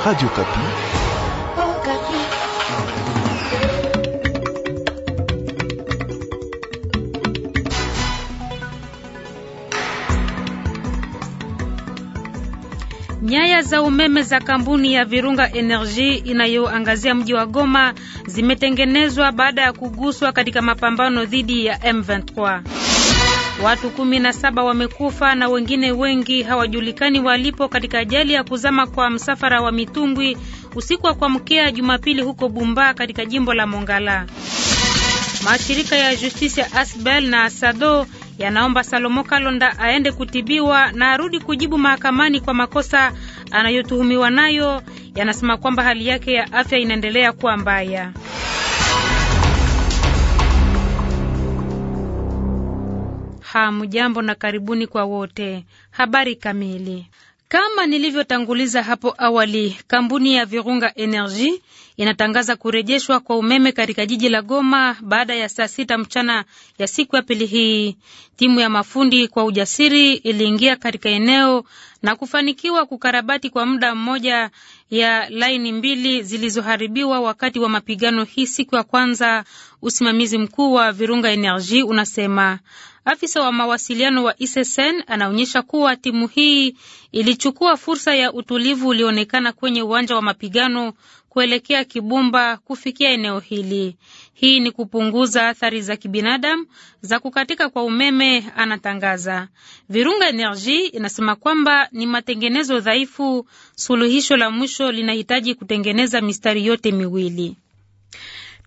Radio Kapi. Oh, Kapi. Nyaya za umeme za kampuni ya Virunga Energy inayoangazia mji wa Goma zimetengenezwa baada ya kuguswa katika mapambano dhidi ya M23. Watu kumi na saba wamekufa na wengine wengi hawajulikani walipo katika ajali ya kuzama kwa msafara wa mitumbwi usiku wa kuamkea Jumapili huko Bumba katika jimbo la Mongala. Mashirika ya Justice ya Asbel na Sado yanaomba Salomo Kalonda aende kutibiwa na arudi kujibu mahakamani kwa makosa anayotuhumiwa nayo. Yanasema kwamba hali yake ya afya inaendelea kuwa mbaya. Hamjambo na karibuni kwa wote. Habari kamili kama nilivyotanguliza hapo awali, kampuni ya Virunga Energy inatangaza kurejeshwa kwa umeme katika jiji la Goma baada ya saa sita mchana ya siku ya pili hii. Timu ya mafundi kwa ujasiri iliingia katika eneo na kufanikiwa kukarabati kwa muda mmoja ya laini mbili zilizoharibiwa wakati wa mapigano hii siku ya kwanza. Usimamizi mkuu wa Virunga Energy unasema Afisa wa mawasiliano wa ISSN anaonyesha kuwa timu hii ilichukua fursa ya utulivu ulioonekana kwenye uwanja wa mapigano kuelekea Kibumba kufikia eneo hili. Hii ni kupunguza athari za kibinadamu za kukatika kwa umeme, anatangaza. Virunga Energy inasema kwamba ni matengenezo dhaifu, suluhisho la mwisho linahitaji kutengeneza mistari yote miwili.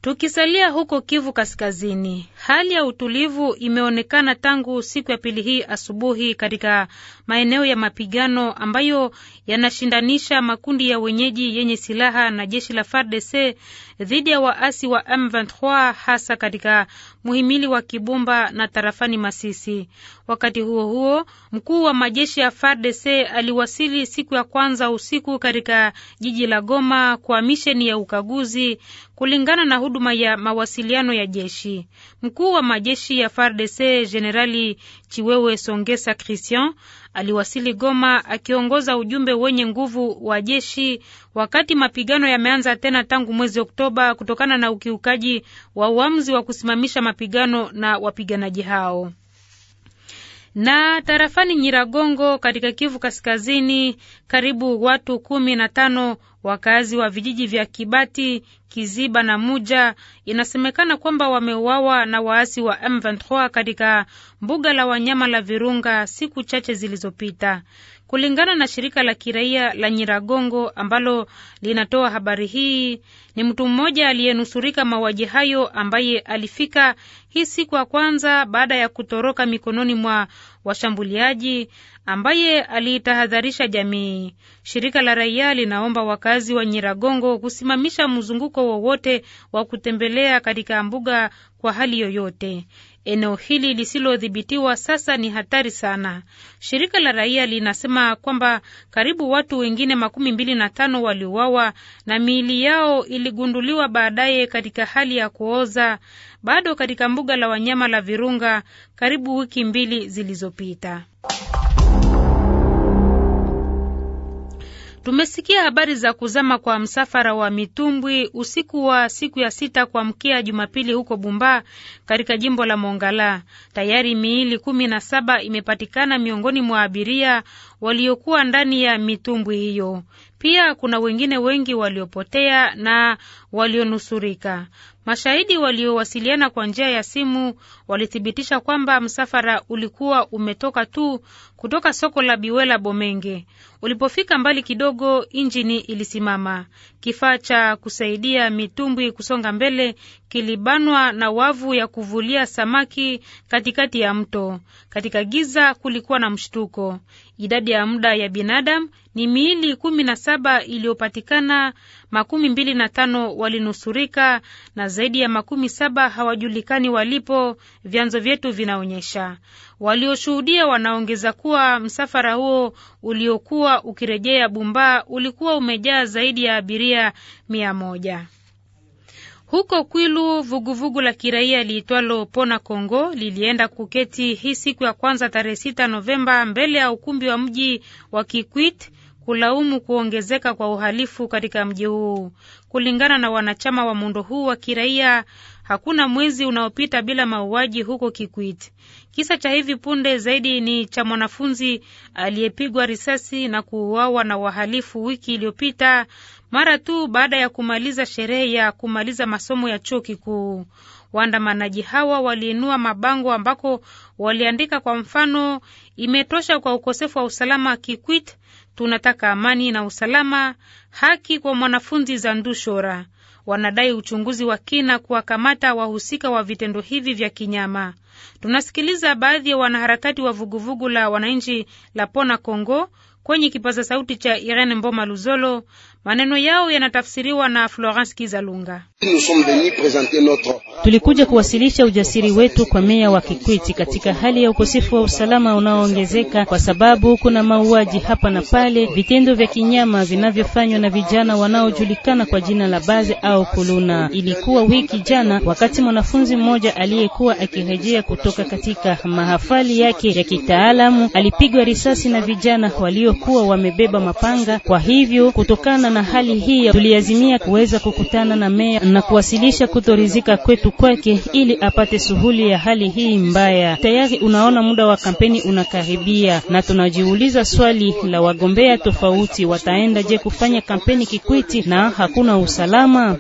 Tukisalia huko Kivu Kaskazini, hali ya utulivu imeonekana tangu siku ya pili hii asubuhi katika maeneo ya mapigano ambayo yanashindanisha makundi ya wenyeji yenye silaha na jeshi la FARDC dhidi ya waasi wa M23 hasa katika muhimili wa Kibumba na tarafani Masisi. Wakati huo huo, mkuu wa majeshi ya FARDC aliwasili siku ya kwanza usiku katika jiji la Goma kwa misheni ya ukaguzi kulingana na huduma ya mawasiliano ya jeshi. Mkuu wa majeshi ya FARDC Generali Chiwewe Songesa Christian aliwasili Goma akiongoza ujumbe wenye nguvu wa jeshi wakati mapigano yameanza tena tangu mwezi Oktoba kutokana na ukiukaji wa uamuzi wa kusimamisha mapigano na wapiganaji hao na tarafani Nyiragongo katika Kivu Kaskazini, karibu watu kumi na tano Wakazi wa vijiji vya Kibati, Kiziba na Muja inasemekana kwamba wameuawa na waasi wa M23 katika mbuga la wanyama la Virunga siku chache zilizopita, kulingana na shirika la kiraia la Nyiragongo ambalo linatoa habari hii. Ni mtu mmoja aliyenusurika mauaji hayo ambaye alifika hii siku ya kwanza baada ya kutoroka mikononi mwa washambuliaji, ambaye aliitahadharisha jamii. Shirika la raia linaomba wakazi wa Nyiragongo kusimamisha mzunguko wowote wa kutembelea katika mbuga kwa hali yoyote. Eneo hili lisilodhibitiwa sasa ni hatari sana. Shirika la raia linasema kwamba karibu watu wengine makumi mbili na tano waliuawa na miili yao iligunduliwa baadaye katika hali ya kuoza bado katika mbuga la wanyama la Virunga karibu wiki mbili zilizopita. Tumesikia habari za kuzama kwa msafara wa mitumbwi usiku wa siku ya sita kuamkia Jumapili huko Bumba katika jimbo la Mongala. Tayari miili kumi na saba imepatikana miongoni mwa abiria waliokuwa ndani ya mitumbwi hiyo. Pia kuna wengine wengi waliopotea na walionusurika. Mashahidi waliowasiliana kwa njia ya simu walithibitisha kwamba msafara ulikuwa umetoka tu kutoka soko la Biwela Bomenge. Ulipofika mbali kidogo, injini ilisimama. Kifaa cha kusaidia mitumbwi kusonga mbele kilibanwa na wavu ya kuvulia samaki katikati ya mto. Katika giza kulikuwa na mshtuko. Idadi ya muda ya binadamu ni miili kumi na saba iliyopatikana, makumi mbili na tano walinusurika na zaidi ya makumi saba hawajulikani walipo, vyanzo vyetu vinaonyesha. Walioshuhudia wanaongeza kuwa msafara huo uliokuwa ukirejea Bumbaa ulikuwa umejaa zaidi ya abiria mia moja. Huko Kwilu, vuguvugu vugu la kiraia liitwalo Pona congo lilienda kuketi hii siku ya kwanza tarehe sita Novemba mbele ya ukumbi wa mji wa Kikwit kulaumu kuongezeka kwa uhalifu katika mji huu. Kulingana na wanachama wa muundo huu wa kiraia, Hakuna mwezi unaopita bila mauaji huko Kikwit. Kisa cha hivi punde zaidi ni cha mwanafunzi aliyepigwa risasi na kuuawa na wahalifu wiki iliyopita mara tu baada ya kumaliza sherehe ya kumaliza masomo ya chuo kikuu. Waandamanaji hawa waliinua mabango ambako waliandika kwa mfano, imetosha kwa ukosefu wa usalama Kikwit, tunataka amani na usalama, haki kwa mwanafunzi Zandu Shora wanadai uchunguzi wa kina kuwakamata wahusika wa vitendo hivi vya kinyama. Tunasikiliza baadhi ya wanaharakati wa vuguvugu la wananchi la Pona congo kwenye kipaza sauti cha Irene Mboma Luzolo. Maneno yao yanatafsiriwa na Florence Kizalunga. Tulikuja kuwasilisha ujasiri wetu kwa meya wa Kikwiti katika hali ya ukosefu wa usalama unaoongezeka, kwa sababu kuna mauaji hapa na pale, vitendo vya kinyama vinavyofanywa na vijana wanaojulikana kwa jina la Baze au Kuluna. Ilikuwa wiki jana, wakati mwanafunzi mmoja aliyekuwa akirejea kutoka katika mahafali yake ya kitaalamu alipigwa risasi na vijana walio waliokuwa wamebeba mapanga. Kwa hivyo, kutokana na hali hii tuliazimia kuweza kukutana na meya na kuwasilisha kutoridhika kwetu kwake ili apate shughuli ya hali hii mbaya. Tayari unaona muda wa kampeni unakaribia, na tunajiuliza swali la wagombea tofauti, wataenda je kufanya kampeni Kikwiti na hakuna usalama?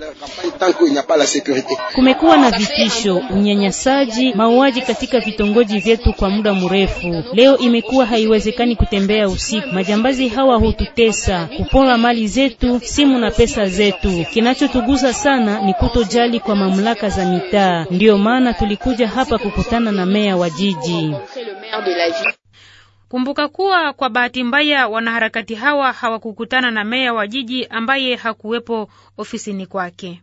Kumekuwa na vitisho, unyanyasaji, mauaji katika vitongoji vyetu kwa muda mrefu. Leo imekuwa haiwezekani kutembea usiku. Majambazi hawa hututesa, kupora mali zetu, simu na pesa zetu. Kinachotuguza sana ni kutojali kwa mamlaka za mitaa. Ndiyo maana tulikuja hapa kukutana na meya wa jiji. Kumbuka kuwa kwa bahati mbaya wanaharakati hawa hawakukutana na meya wa jiji ambaye hakuwepo ofisini kwake.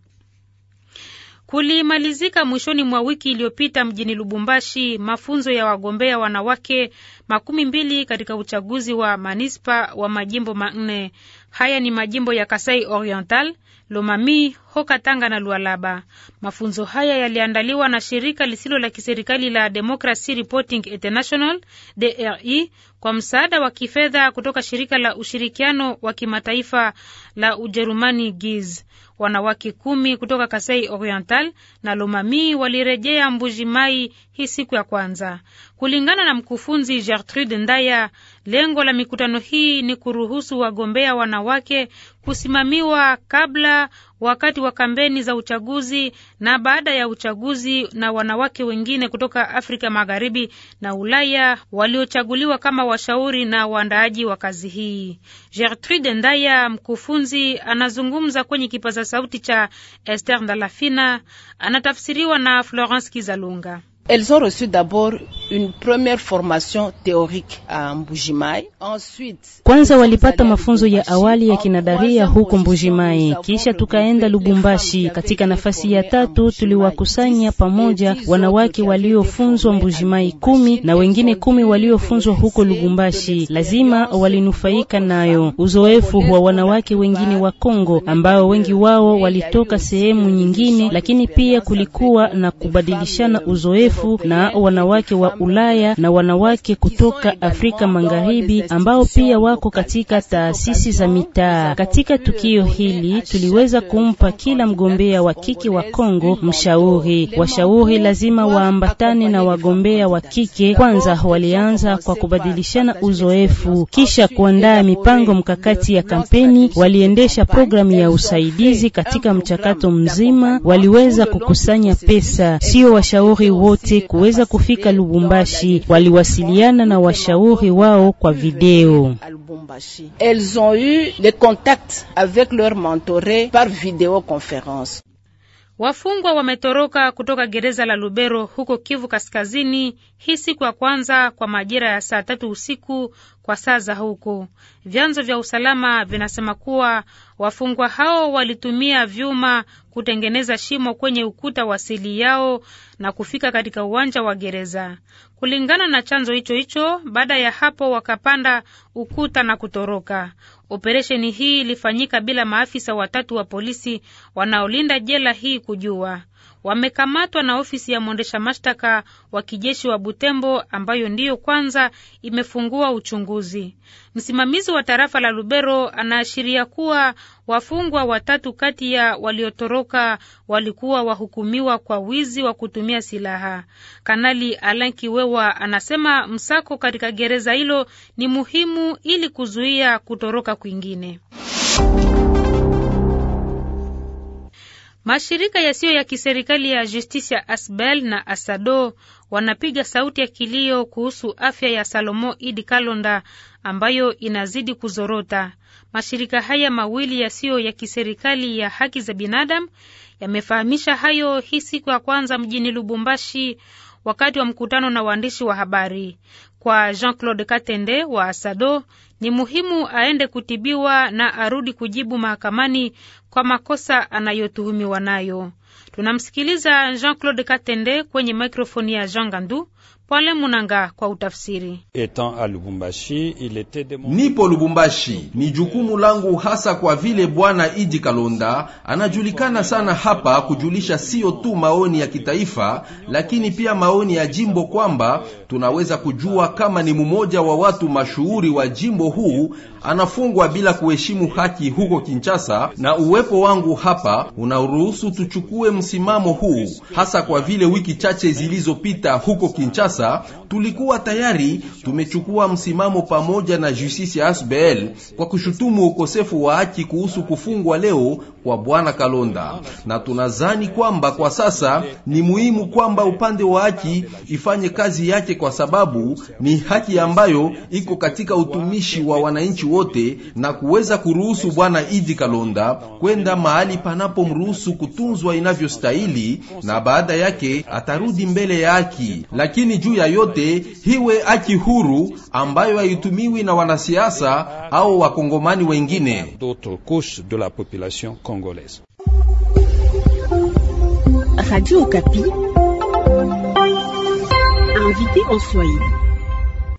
Kulimalizika mwishoni mwa wiki iliyopita mjini Lubumbashi mafunzo ya wagombea wanawake makumi mbili katika uchaguzi wa manispa wa majimbo manne. Haya ni majimbo ya Kasai Oriental, Lomami, Hoka Tanga na Lualaba. Mafunzo haya yaliandaliwa na shirika lisilo la kiserikali la Democracy Reporting International DRI e, kwa msaada wa kifedha kutoka shirika la ushirikiano wa kimataifa la Ujerumani GIZ. Wanawake kumi kutoka Kasai Oriental na Lomami walirejea Mbuji Mai hii siku ya kwanza. Kulingana na mkufunzi Gertrude Ndaya, lengo la mikutano hii ni kuruhusu wagombea wanawake kusimamiwa kabla, wakati wa kampeni za uchaguzi na baada ya uchaguzi na wanawake wengine kutoka Afrika Magharibi na Ulaya waliochaguliwa kama washauri na waandaaji wa kazi hii. Gertrude Ndaya, mkufunzi, anazungumza kwenye kipaza sauti cha Esther Ndalafina, anatafsiriwa na Florence Kizalunga. Elles ont reçu d'abord une première formation théorique à Mbujimai. Ensuite, kwanza walipata mafunzo ya awali ya kinadaria huko Mbujimai, kisha tukaenda Lubumbashi. Katika nafasi ya tatu tuliwakusanya pamoja wanawake waliofunzwa Mbujimai kumi na wengine kumi waliofunzwa huko Lubumbashi. Lazima walinufaika nayo uzoefu wa wanawake wengine wa Kongo ambao wengi wao walitoka sehemu nyingine, lakini pia kulikuwa na kubadilishana uzoefu maarufu na wanawake wa Ulaya na wanawake kutoka Afrika Magharibi ambao pia wako katika taasisi za mitaa. Katika tukio hili tuliweza kumpa kila mgombea wa kike wa Kongo mshauri. Washauri lazima waambatane na wagombea wa kike. Kwanza walianza kwa kubadilishana uzoefu, kisha kuandaa mipango mkakati ya kampeni. Waliendesha programu ya usaidizi katika mchakato mzima, waliweza kukusanya pesa. Sio washauri wote wote kuweza kufika Lubumbashi. Waliwasiliana na washauri wao kwa video. Elles ont eu des contacts avec leur mentoré par vidéoconférence. Wafungwa wametoroka kutoka gereza la Lubero huko Kivu Kaskazini hii siku ya kwanza kwa majira ya saa tatu usiku kwa saa za huku. Vyanzo vya usalama vinasema kuwa wafungwa hao walitumia vyuma kutengeneza shimo kwenye ukuta wa seli yao na kufika katika uwanja wa gereza. Kulingana na chanzo hicho hicho, baada ya hapo wakapanda ukuta na kutoroka. Operesheni hii ilifanyika bila maafisa watatu wa polisi wanaolinda jela hii kujua wamekamatwa na ofisi ya mwendesha mashtaka wa kijeshi wa Butembo ambayo ndiyo kwanza imefungua uchunguzi. Msimamizi wa tarafa la Lubero anaashiria kuwa wafungwa watatu kati ya waliotoroka walikuwa wahukumiwa kwa wizi wa kutumia silaha. Kanali Alan Kiwewa anasema msako katika gereza hilo ni muhimu ili kuzuia kutoroka kwingine. Mashirika yasiyo ya kiserikali ya Justicia Asbel na Asado wanapiga sauti ya kilio kuhusu afya ya Salomo Idi Kalonda ambayo inazidi kuzorota. Mashirika haya mawili yasiyo ya kiserikali ya haki za binadamu yamefahamisha hayo hii siku ya kwanza mjini Lubumbashi wakati wa mkutano na waandishi wa habari. Kwa Jean-Claude Katende wa asado ni muhimu aende kutibiwa na arudi kujibu mahakamani kwa makosa anayotuhumiwa nayo. Tunamsikiliza Jean-Claude Katende kwenye mikrofoni ya Jean Gandu. Pole Munanga kwa utafsiri. Nipo Lubumbashi, ni jukumu langu hasa, kwa vile bwana Idi Kalonda anajulikana sana hapa kujulisha siyo tu maoni ya kitaifa, lakini pia maoni ya jimbo, kwamba tunaweza kujua kama ni mmoja wa watu mashuhuri wa jimbo huu anafungwa bila kuheshimu haki huko Kinshasa, na uwepo wangu hapa unaruhusu tuchukue msimamo huu, hasa kwa vile wiki chache zilizopita huko Kinshasa sasa tulikuwa tayari tumechukua msimamo pamoja na Justice ya Asbel kwa kushutumu ukosefu wa haki kuhusu kufungwa leo kwa bwana Kalonda, na tunazani kwamba kwa sasa ni muhimu kwamba upande wa haki ifanye kazi yake, kwa sababu ni haki ambayo iko katika utumishi wa wananchi wote, na kuweza kuruhusu bwana Idi Kalonda kwenda mahali panapomruhusu kutunzwa inavyostahili, na baada yake atarudi mbele ya haki, lakini juu ya yote hiwe haki huru ambayo haitumiwi na wanasiasa au wakongomani wengine.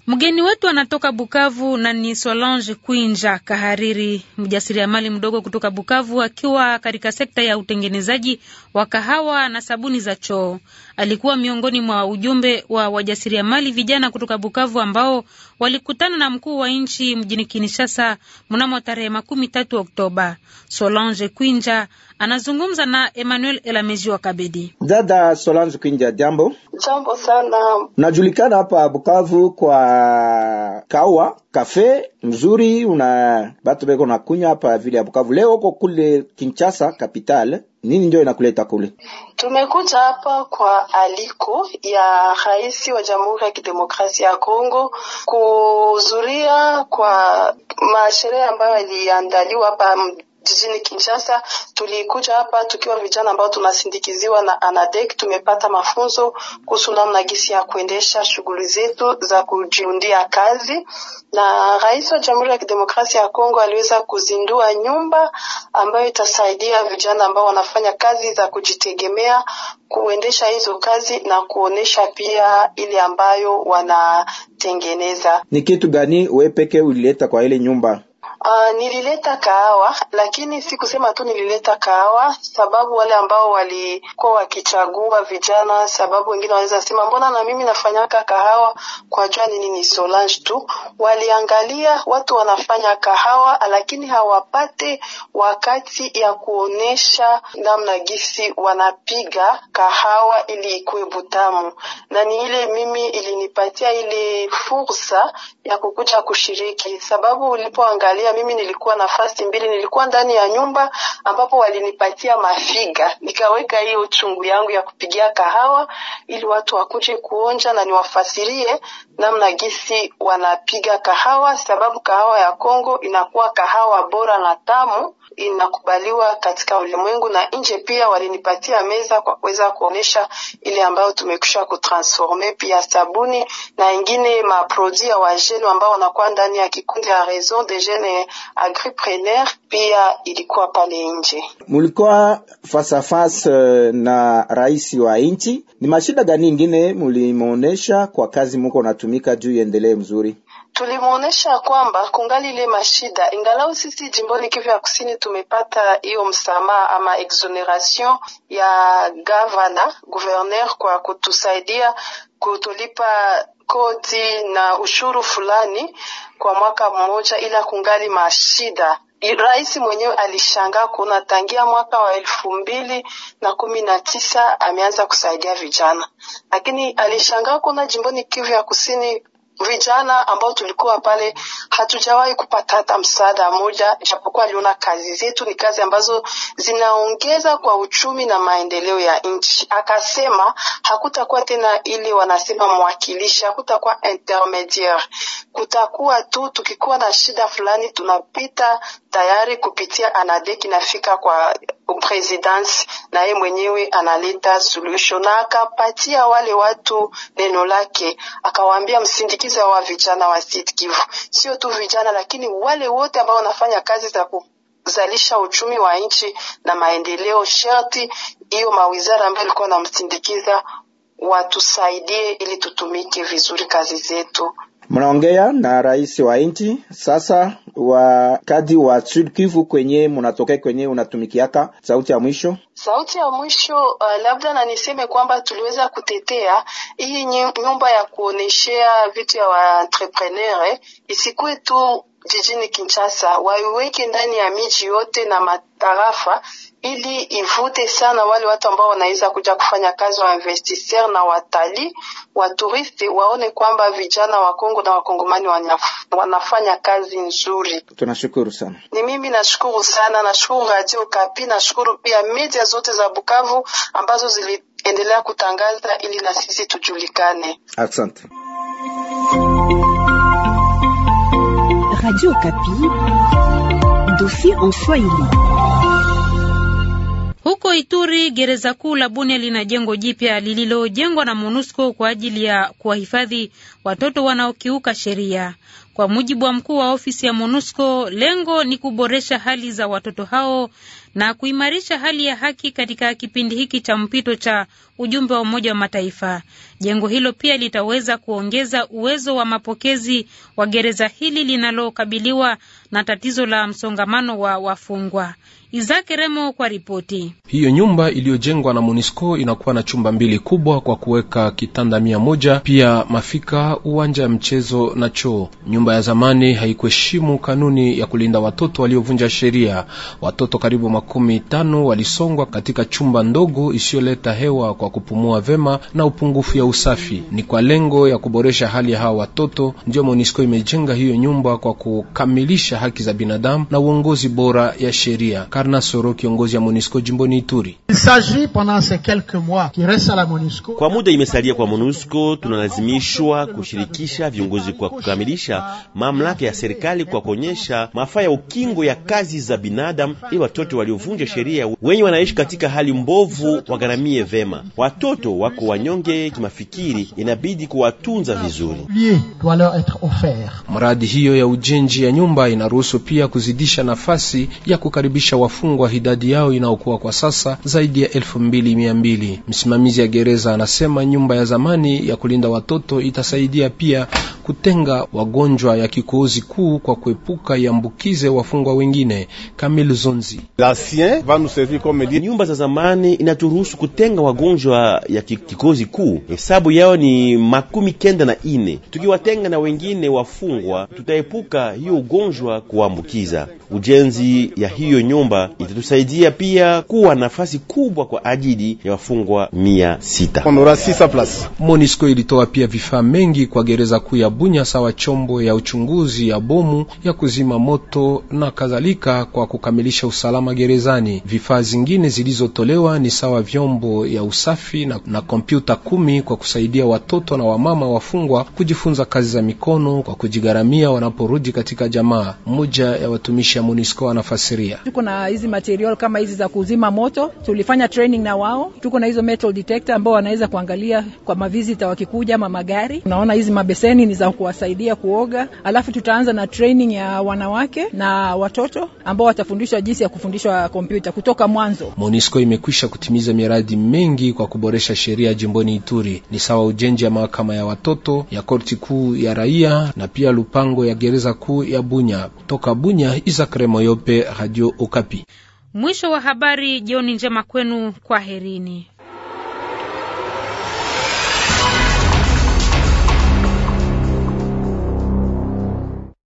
Mgeni wetu anatoka Bukavu na ni Solange Kwinja Kahariri, mjasiriamali mdogo kutoka Bukavu, akiwa katika sekta ya utengenezaji wa kahawa na sabuni za choo alikuwa miongoni mwa ujumbe wa wajasiriamali vijana kutoka Bukavu ambao walikutana na mkuu wa nchi mjini kinishasa mnamo tarehe makumi tatu Oktoba. Solange Kwinja anazungumza na Emmanuel Elamezi wa Kabedi. Dada Solange Kwinja, jambo. Jambo sana. Unajulikana hapa Bukavu kwa kawa kafe mzuri, una batu beko nakunywa hapa vile ya Bukavu. Leo uko kule Kinshasa kapital nini ndio inakuleta kule? Tumekuja hapa kwa aliko ya rais wa Jamhuri ya Kidemokrasia ya Kongo kuzuria kwa masherehe ambayo yaliandaliwa hapa jijini Kinshasa. Tulikuja hapa tukiwa vijana ambao tunasindikiziwa na ANADEC. Tumepata mafunzo kuhusu namna gisi ya kuendesha shughuli zetu za kujiundia kazi, na Rais wa Jamhuri ya Kidemokrasia ya Kongo aliweza kuzindua nyumba ambayo itasaidia vijana ambao wanafanya kazi za kujitegemea kuendesha hizo kazi na kuonesha pia ile ambayo wanatengeneza. Ni kitu gani wewe pekee ulileta kwa ile nyumba? Uh, nilileta kahawa lakini si kusema tu nilileta kahawa, sababu wale ambao walikuwa wakichagua vijana, sababu wengine wanaweza sema mbona na mimi nafanyaka kahawa kwa jua nini, ni Solange tu. Waliangalia watu wanafanya kahawa, lakini hawapate wakati ya kuonesha namna gisi wanapiga kahawa ili ikuwe butamu, na ni ile mimi ilinipatia ile fursa ya kukuja kushiriki, sababu ulipoangalia moja mimi nilikuwa na fasti mbili, nilikuwa ndani ya nyumba ambapo walinipatia mafiga, nikaweka hiyo chungu yangu ya kupigia kahawa ili watu wakuje kuonja na niwafasirie namna gisi wanapiga kahawa, sababu kahawa ya Kongo inakuwa kahawa bora na tamu inakubaliwa katika ulimwengu na nje pia. Walinipatia meza kwa kuweza kuonesha ile ambayo tumekwisha kutransforme, pia sabuni na ingine maprodui ya wajeni ambao wanakuwa ndani ya kikundi ya Raison de Jeunes agripreneur pia ilikuwa pale nje. Mulikuwa fasa fasa eh, na rais wa nchi, ni mashida gani ingine mulimuonesha kwa kazi muko natumika juu iendelee mzuri? tulimuonesha kwamba kungali ile mashida, ingalau sisi jimboni Kivu ya Kusini tumepata hiyo msamaha ama exoneration ya gavana guverner kwa kutusaidia kutulipa kodi na ushuru fulani kwa mwaka mmoja, ila kungali mashida. Rais mwenyewe alishangaa kuna tangia mwaka wa elfu mbili na kumi na tisa ameanza kusaidia vijana, lakini alishangaa kuna jimboni Kivu ya Kusini vijana ambao tulikuwa pale hatujawahi kupata hata msaada moja, japokuwa aliona kazi zetu ni kazi ambazo zinaongeza kwa uchumi na maendeleo ya nchi. Akasema hakutakuwa tena ili wanasema mwakilishi, hakutakuwa intermediaire, kutakuwa tu tukikuwa na shida fulani tunapita tayari kupitia anadek inafika kwa presidensi na yeye mwenyewe analeta solution na akapatia wale watu neno lake, akawaambia msindikizo wa vijana wa Sud Kivu, sio tu vijana, lakini wale wote ambao wanafanya kazi za kuzalisha uchumi wa nchi na maendeleo. Sharti hiyo mawizara ambayo ilikuwa namsindikiza watusaidie, ili tutumike vizuri kazi zetu. Mnaongea na rais wa nchi sasa, wakati wa Sud Kivu kwenye munatokea kwenye unatumikiaka, sauti ya mwisho sauti ya mwisho uh, labda na niseme kwamba tuliweza kutetea hii nyumba ya kuoneshea vitu ya waentrepreneur eh. isikuwe tu jijini Kinshasa waiweke ndani ya miji yote na matarafa, ili ivute sana wale watu ambao wanaweza kuja kufanya kazi wa investisseur na watalii wa turisti, waone kwamba vijana wa Kongo na wakongomani wanafanya kazi nzuri. Tunashukuru sana, ni mimi nashukuru sana, nashukuru Radio Kapi, nashukuru pia media zote za Bukavu ambazo ziliendelea kutangaza ili na sisi tujulikane. Asante. Radio Kapi, dosi en Swahili. Huko Ituri, gereza kuu la Bunia lina jengo jipya lililojengwa na MONUSCO kwa ajili ya kuwahifadhi watoto wanaokiuka sheria. Kwa mujibu wa mkuu wa ofisi ya MONUSCO, lengo ni kuboresha hali za watoto hao na kuimarisha hali ya haki katika kipindi hiki cha mpito cha ujumbe wa Umoja wa Mataifa. Jengo hilo pia litaweza kuongeza uwezo wa mapokezi wa gereza hili linalokabiliwa na tatizo la msongamano wa wafungwa. Izaki Remo kwa ripoti hiyo. Nyumba iliyojengwa na Monisco inakuwa na chumba mbili kubwa kwa kuweka kitanda mia moja, pia mafika, uwanja ya mchezo na choo. Nyumba ya zamani haikuheshimu kanuni ya kulinda watoto waliovunja sheria. Watoto karibu makumi tano walisongwa katika chumba ndogo isiyoleta hewa kwa kupumua vema na upungufu ya usafi. Ni kwa lengo ya kuboresha hali ya hawa watoto ndio Monisco imejenga hiyo nyumba kwa kukamilisha haki za binadamu na uongozi bora ya sheria. Arna Soro, kiongozi ya MONUSCO jimboni Ituri. Kwa muda imesalia kwa MONUSCO, tunalazimishwa kushirikisha viongozi kwa kukamilisha mamlaka ya serikali kwa kuonyesha mafaa ya ukingo ya kazi za binadamu, ili watoto waliovunja sheria wenye wanaishi katika hali mbovu wagharamie vema. Watoto wako wanyonge kimafikiri, inabidi kuwatunza vizuri. Mradi hiyo ya ujenzi ya nyumba inaruhusu pia kuzidisha nafasi ya kukaribisha wa wafungwa idadi yao inaokuwa kwa sasa zaidi ya elfu mbili mia mbili. Msimamizi ya gereza anasema nyumba ya zamani ya kulinda watoto itasaidia pia kutenga wagonjwa ya kikohozi kuu kwa kuepuka iambukize wafungwa wengine. Kamil Zonzi: nyumba za zamani inaturuhusu kutenga wagonjwa ya kikohozi kuu, hesabu yao ni makumi kenda na ine. Tukiwatenga na wengine wafungwa, tutaepuka hiyo ugonjwa kuambukiza. Ujenzi ya hiyo nyumba itatusaidia pia kuwa nafasi kubwa kwa ajili ya wafungwa mia sita. Monisco ilitoa pia vifaa mengi kwa gereza kuu ya Bunya sawa chombo ya uchunguzi ya bomu ya kuzima moto na kadhalika kwa kukamilisha usalama gerezani. Vifaa zingine zilizotolewa ni sawa vyombo ya usafi na, na kompyuta kumi kwa kusaidia watoto na wamama wafungwa kujifunza kazi za mikono kwa kujigharamia wanaporudi katika jamaa. Mmoja ya watumishi ya Monisco anafasiria tuko na hizi material kama hizi za kuzima moto. Tulifanya training na wao, tuko na hizo metal detector ambao wanaweza kuangalia kwa mavizita wakikuja ama magari. Unaona hizi mabeseni ni za kuwasaidia kuoga, alafu tutaanza na training ya wanawake na watoto ambao watafundishwa jinsi ya kufundishwa kompyuta kutoka mwanzo. monisco imekwisha kutimiza miradi mengi kwa kuboresha sheria jimboni Ituri, ni sawa ujenzi ya mahakama ya watoto ya korti kuu ya raia na pia lupango ya gereza kuu ya Bunya. Toka Bunya, Isaac Remoyope, Radio Okapi. Mwisho wa habari. Jioni njema kwenu, kwaherini.